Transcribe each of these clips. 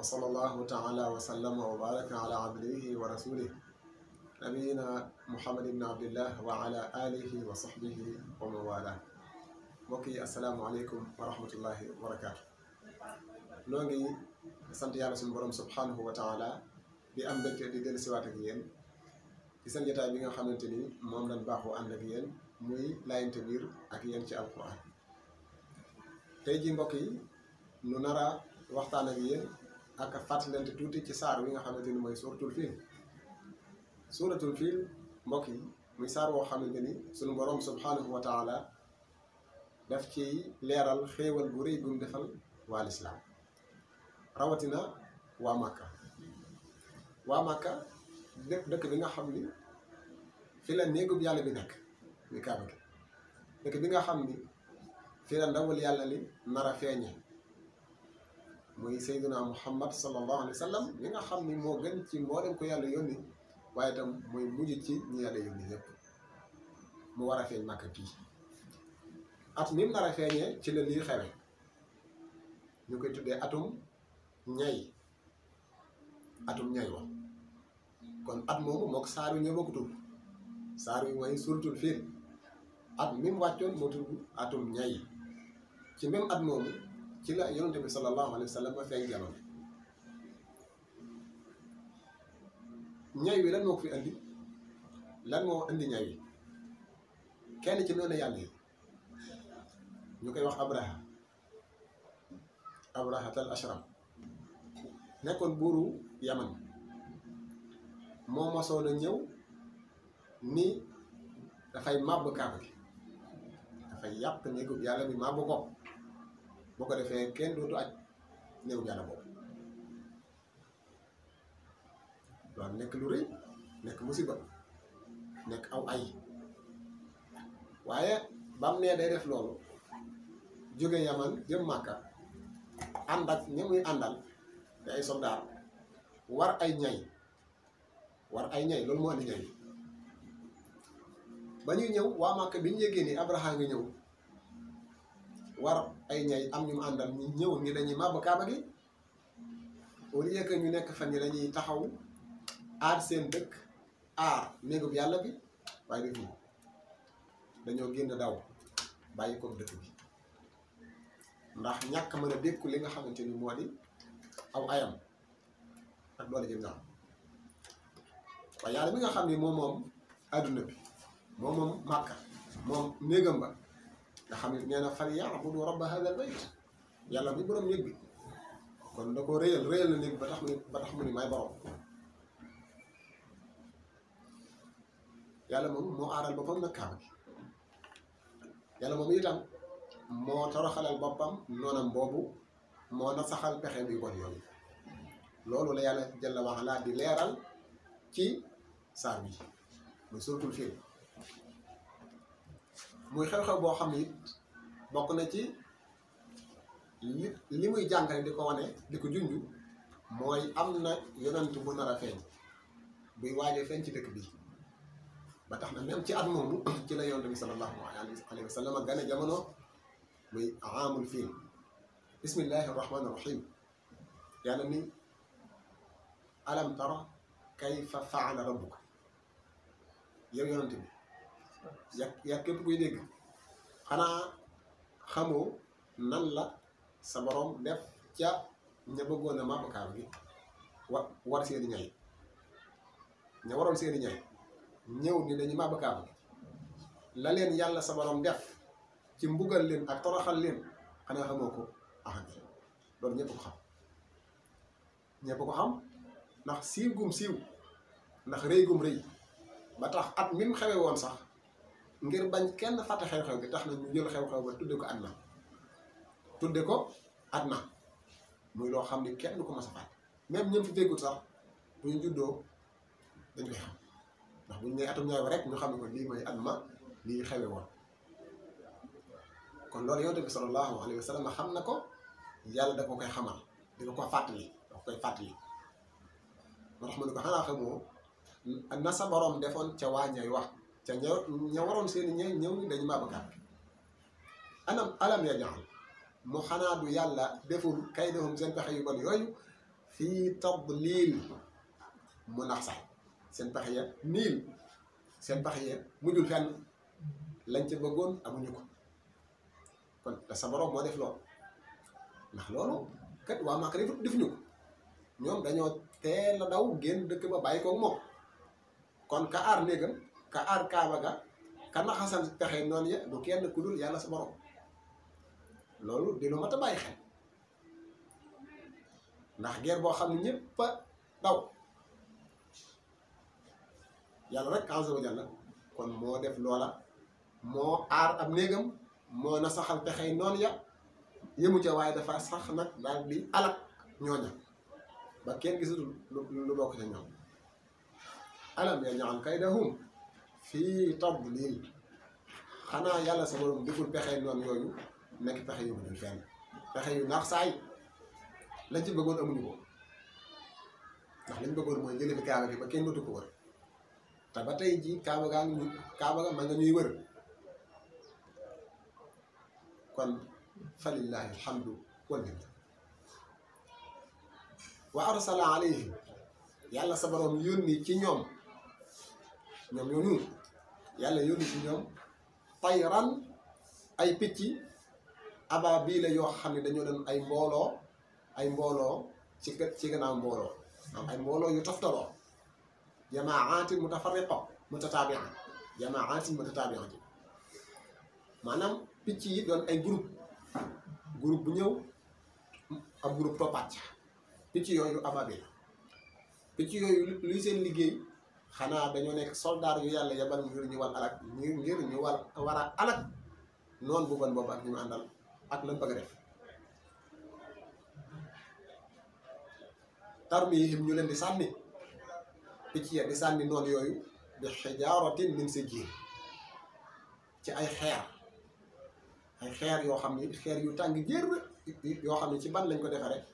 wa sallallahu taala wa sallama wa baraka ala abdihi wa rasulih nabiyina muhammad ibn abdillah wa ala wa sahbihi wa man wala mbokk yi asalaamualeykum wa rahmatullahi wa barakaatu noo ngi sant yàlla suñu borom subhanahu wa taala di am mbégte di dellu siwaat ak yéen ci seen bi nga xamante ni moom lañ baaxoo am ak yéen muy laayante biir ak yéen ci alquran tey ji mbokk yi nu nara waxtaan ak yéen ak fàttalante tuuti ci saar wi nga xamante ni mooy suuratul fiil suuratul fiil mbokk yi muy saar woo xamante ni sunu borom subhanahu wa taala daf ciy leeral xéewal bu rëy gum defal waa lislaam rawatina waa Màkka waa Màkka dëkk dëkk bi nga xam ni fii la néegub yàlla bi nekk nga xam ni fi la ndawul yàlla li nara a feeñe muy Seydina Muhammad sallallahu alayhi wa sallam li nga xam ni moo gën ci mboolem ku yàlla yónni waaye itam mooy mujj ci ñi yàlla yónni yépp mu war a feeñ Màkka kii at mi mu nar feeñee ci la lii xewe ñu koy tuddee atum ñay atum ñay wa kon at moomu mook saar wi ñoo bokk tudd saar wi mooy suratul fii at mi mu wàccoon moo tudd atum ñay ci même at moomu ci la yonent bi sallallahu alayhi wa sallam ba feeñ jamono ñay wi lan moo ko fi andi lan moo andi ñay wi kenn ci noonu yàlla yi ñu koy wax abraha abrahatal ashram nekkoon buuru yaman moo mosoon a ñëw ni dafay màbb kaaba gi dafay yàq néegu yàlla bi màbb ko boo ko defee kenn dootu aj néew jaana bopp loolu nekk lu rëy nekk musiba nekk aw ay waaye bam nee day def loolu jóge yaman jëm màkka ànd ak ñi àndal te ay soldaar war ay ñay war ay ñay loolu moo andi ñay ba ñuy ñëw waa màkka bi ñu yëgee ni Abraha nga ñëw war ay ñay am ñu mu àndal ñu ñëw ñi dañuy màbb kaaba gi au lieu ñu nekk fa ñi dañuy taxaw aar seen dëkk aar néegub yàlla bi waaye def dañoo génn daw bàyyi ko dëkk bi ndax ñàkk mën a dékku li nga xamante ni moo di aw ayam ak doole jëm nga waaye yàlla bi nga xam ne moom moom àdduna bi moom moom màkka moom néegam ba nga xam ne nee na fal ya'budu rabba hadal bayt yàlla bu borom néeg bi kon da ko réyal réyal na néeg ba tax mu ba ni may borom yàlla moom moo aaral boppam nag kaaba gi yàlla moom itam moo toroxalal boppam noonam boobu moo na saxal pexe bi bon yoon loolu la yàlla jalla wa ala di leeral ci saar bi muy suratul fiil muy xew-xew boo xam ne it bokk na ci li li muy jàngale di ko wane di ko junj mooy am na yonent bu nar a feeñ buy waajee feeñ ci dëkk bi ba tax na même ci at moomu ci la yonent bi sallallahu alayhi wa sallam gane jamono muy aamul fiil bismillahi rahmaani rahim yàlla ni alam tara kayfa faala rabbuka yow yonent bi yàgg yàgg képp kuy dégg xanaa xamoo nan la sa borom def ca ña bëggoon a màbb kaaba gi wa war seeni ñay ña waroon seeni ñay ñëw ni dañu màbb kaaba gi la leen yàlla sa borom def ci mbugal leen ak toroxal leen xanaa xamoo ko axam ah, loolu ñëpp ko xam ñëpp ko xam ndax siiw gum siiw ndax rëy gum rëy ba tax at mi mu xewe woon sax ngir bañ kenn fàtte xew-xew bi tax na ñu jël xew-xew ba tudde ko at na tudde ko at na muy loo xam ne kenn du ko mas a fàtte même ñun fi fekkul sax bu ñu juddoo dañ koy xam ndax bu rek ñu xam ne ko lii mooy at ma lii xewe woon kon loolu yonent bi sallallahu alayhi wa sallam xam na ko yàlla da ko koy xamal di ko ko fàttali yi ko koy fàttali moo tax ma ne ko xanaa xamoo na sa borom defoon ca waañay wax ca ña ña waroon seeni ñe ñëw ni dañu maba kàpp alam ya jaxal mu xanaa du yàlla deful kay defum seen pexe yu bon yooyu fii tadlil mu nax sax seen pexe ya niil seen pexe ya mujjul fen lañ ca bëggoon amuñu ko kon te sa borom moo def loolu ndax loolu kat waa Makka defuñu ko ñoom dañoo teel a daw génn dëkk ba bàyyi koog moo kon ka aar néegam ka aar kaaba ga ka naxasal pexe noon ya du kenn ku dul yàlla sa borom loolu di lu mat a bàyyi xel ndax guerre boo xam ne ñëpp daw yàlla rek azza wa jalla kon moo def loola moo aar ab néegam moo na saxal pexey noonu ya yëmu ca waaye dafa sax nag daal di alak ñooña ba kenn gisatul lu bokk ca ñoom alam yaj'al kaydahum fii tadlil xanaa yàlla sa borom deful pexe noonu yooyu nekk pexe yu dul fenn pexe yu naax saay lañ ci bëggoon amuñu ko ndax lañ bëggoon mooy jëlee kaaba bi ba kenn dootu ko wër te ba tey jii kaaba gaa ngi kaaba ga mën nga ñuy wër kon falillahi alhamdu wal minna wa alayhim yàlla sa borom yónni ci ñoom ñoom ñoo yàlla yónni si ñoom tayran ay picc aba bii la yoo xam ne dañoo doon ay mbooloo ay mbooloo ci ci gannaaw mbooloo am ay mbooloo yu toftaloo jamaatin mutafarriqa mutataabi'a jamaatin mutataabi'a ji maanaam picc yi doon ay groupe groupe bu ñëw ak groupe toppaat picc yooyu aba bi la picc yooyu luy seen liggéey xanaa dañoo nekk soldaar yu yàlla yabal ngir ñu wal alak ñu ngir ñu wal war a alak noonu bu bon boobu ak ñu àndal ak lan bëgg a def tarmihim ñu leen di sànni picc ya di sànni noonu yooyu bi xijaaratin min sijjiin ci ay xeer ay xeer yoo xam ni xeer yu tàng jër yoo xam ne ci ban lañ ko defee rek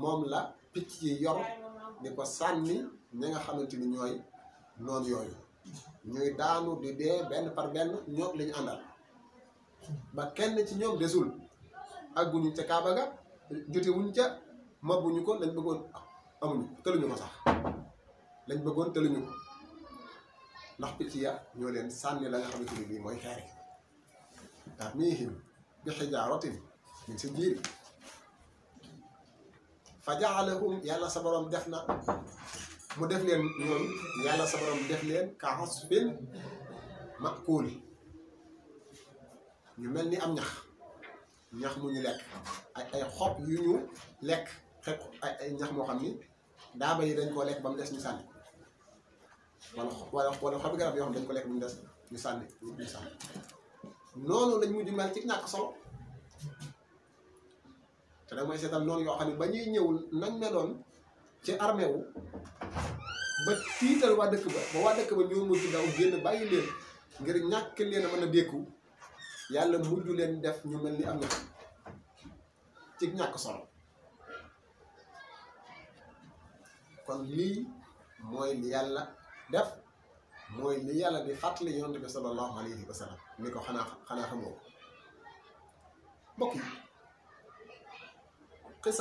moom la picc yi yor di ko sànni ñi nga xamante ni ñooy non yoy ñuy daanu di dé benn par benn ñok lañu andal ba kenn ci ñok desul agguñu ci kaaba ga jotewuñ ci mabuñu ko lañ bëggoon amuñu tëluñu ko sax lañ bëggoon tëluñu ko ndax pitiya ñoo leen sànni la nga xamante ni bii mooy xeer yi bi min si jiir fa yàlla mu def leen ñoom yàlla sa borom def leen kaasfin makuul ñu mel ni am ñax ñax mu ñu lekk ay ay xob yu ñu lekk xepp ay ñax moo xam ni daaba yi dañ koo lekk ba mu des ñu sànni wala wala wala xobi garab dañ ko lekk mu des ñu sànni noonu lañ mujj mel ci ñàkk solo te da mooy seetal noonu yoo xam ne ba ñuy ñëwul nañ meloon ci armée ba tiital waa dëkk ba ba waa dëkk ba ñoo mujj daw génn bàyyi leen ngir ñàkk leen a mën a dékku yàlla mujj leen def ñu mel ni am na ci ñàkk solo kon lii mooy li yàlla def mooy li yàlla di fàttali yonent bi sallallahu alayhi wa sallam ni ko xanaa xanaa xamoo ko mbokk yi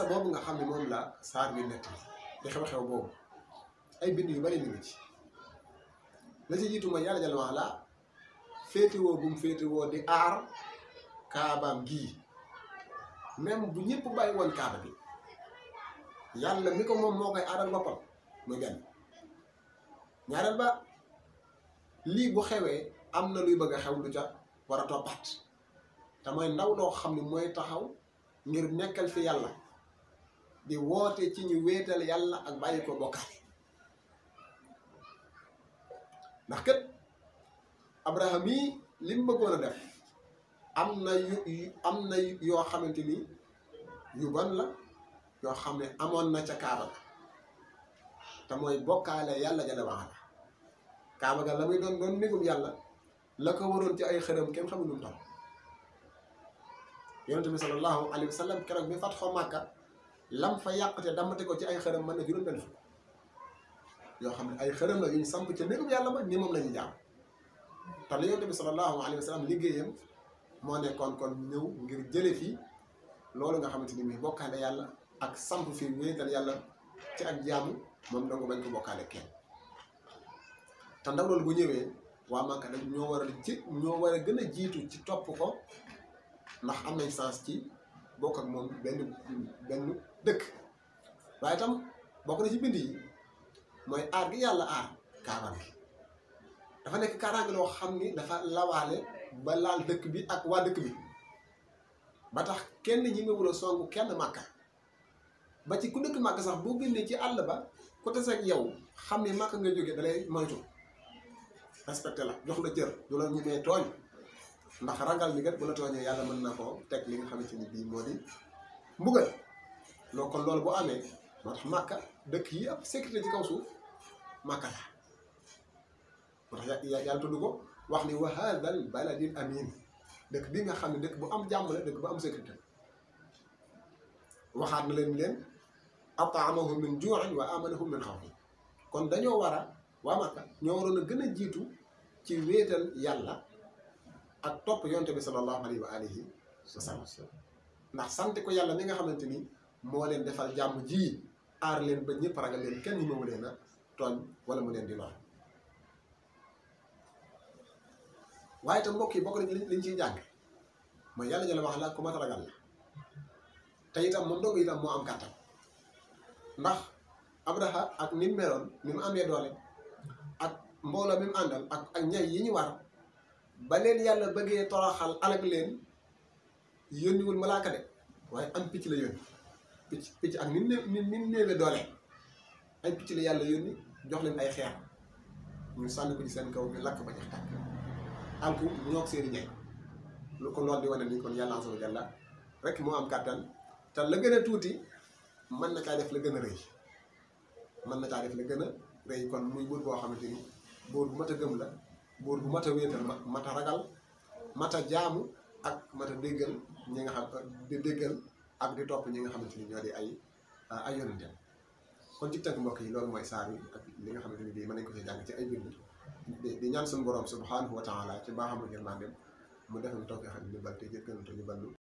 boobu nga xam ne moom la saar bi nett li xew-xew boobu ay bind yu bari ñu ngi ci la ci jiitu yàlla jàll wax la féetewoo bu mu féetewoo di aar kaabaam gii même bu ñëpp bàyyi woon kaaba bi yàlla mi ko moom moo koy aaral boppam muy gan ñaareel ba lii bu xewee am na luy bëgg a xew lu ca war a toppaat te mooy ndaw doo xam ne mooy taxaw ngir nekkal fi yàlla di woote ci ñu wéetal yàlla ak bàyyi ko bokkaat ndax kat Abraham yi li mu bëggoon a def am na yu am na yoo xamante ni yu bon la yoo xam ne amoon na ca Kaaba ga te mooy bokkaale yàlla jana wax la Kaaba ga la muy doon doon négum yàlla la ko waroon ci ay xërëm kenn xamul lu mu tax yonente bi sallallahu alayhi wa sallam keroog bi fatxoo Màkka lam fa yàqte damate ko ci ay xërëm mën na juróom benn fukk yoo xam ne ay xërëm yu ñu samp ca néegum yàlla ba ni moom la ñu jaam te la yonent bi sallallahu alayhi wa sallam liggéeyam moo nekkoon kon ñëw ngir jële fii loolu nga xamante ni muy bokkaale yàlla ak samp fii wéetal yàlla ci ak jaamu moom dong bañ ko bokkaale kenn te ndaw loolu bu ñëwee waa Màkka dañ ñoo war ñoo war a gën a jiitu ci topp ko ndax am nañ sens ci bokk ak moom benn benn dëkk waaye tam bokk na ci bind yi mooy aar gi yàlla aar kaaraange dafa nekk kaaraange loo xam ni dafa lawaale ba laal dëkk bi ak waa dëkk bi ba tax kenn ñemewul a songu kenn màkka ba ci ku dëkk màkk sax boo génnee ci àll ba ku tase ak yow xam ne màkk nga jógee dalay moytu respecté la jox la cër du la ñemee tooñ ndax ragal ni kat bu la tooñee yàlla mën na koo teg li nga xamante ni bii moo di mbugal loo kon loolu bu amee moo tax màkka dëkk yi ab sécurité ci kaw suuf màkka la moo tax yàlla tudd ko wax ni wa haadal baladil amin dëkk bii nga xam ne dëkk bu am jàmm la dëkk bu am sécurité waxaat na leen leen ataamahum min juu'in wa amanahum min xawf kon dañoo war a waa màkka ñoo waroon a gën a jiitu ci wéetal yàlla ak topp yonte bi sallallahu alayhi wa alihi wa sallam ndax sante ko yàlla mi nga xamante ni moo leen defal jàmm jii ar len ba ñepp ragal len kenn ñu mu leena a wala mu leen di wax waye itam mbokk yi bokk nañ liñ ci jàng mooy yàlla jëla wax la ku mat ragal la te itam moom dong itam moo am kàttan ndax abraha ak ni mu meloon ni mu amee doole ak mbooloo mi mu àndal ak ak ñay yi ñu war ba leen yàlla bëggee toroxal alag leen yónniwul malaaka de waaye am picc la yónni picc picc ak ni mu ni mu néewee doole ay picc la yàlla yónni jox leen ay xeer ñu sànni ko ci seen kaw ñu lakk ba jeex tàkk ànk ñoog seeni ñay lu ko lool di wane ni kon yàlla azza wa jalla rek moo am kàttan te la gën a tuuti mën na caa def la gën a rëy mën na caa la gën a rëy kon muy buur boo xamante ni buur bu mat a gëm la buur bu mat a wéetal mat a ragal mat a jaamu ak mat a déggal ñi nga xam déggal am di topp ñi nga xamante ni ñoo di ay ah, ay yonenteem kon ci tënk mbokk yi loolu mooy saar yi ak li nga xamante ni bii mën nañ ko ci jàng ci ay bind di ñaan suñu borom subhanahu wa taala ci baaxam ak yërmandeem mu defal toog xam ni bal te jëkkënante ñu ballu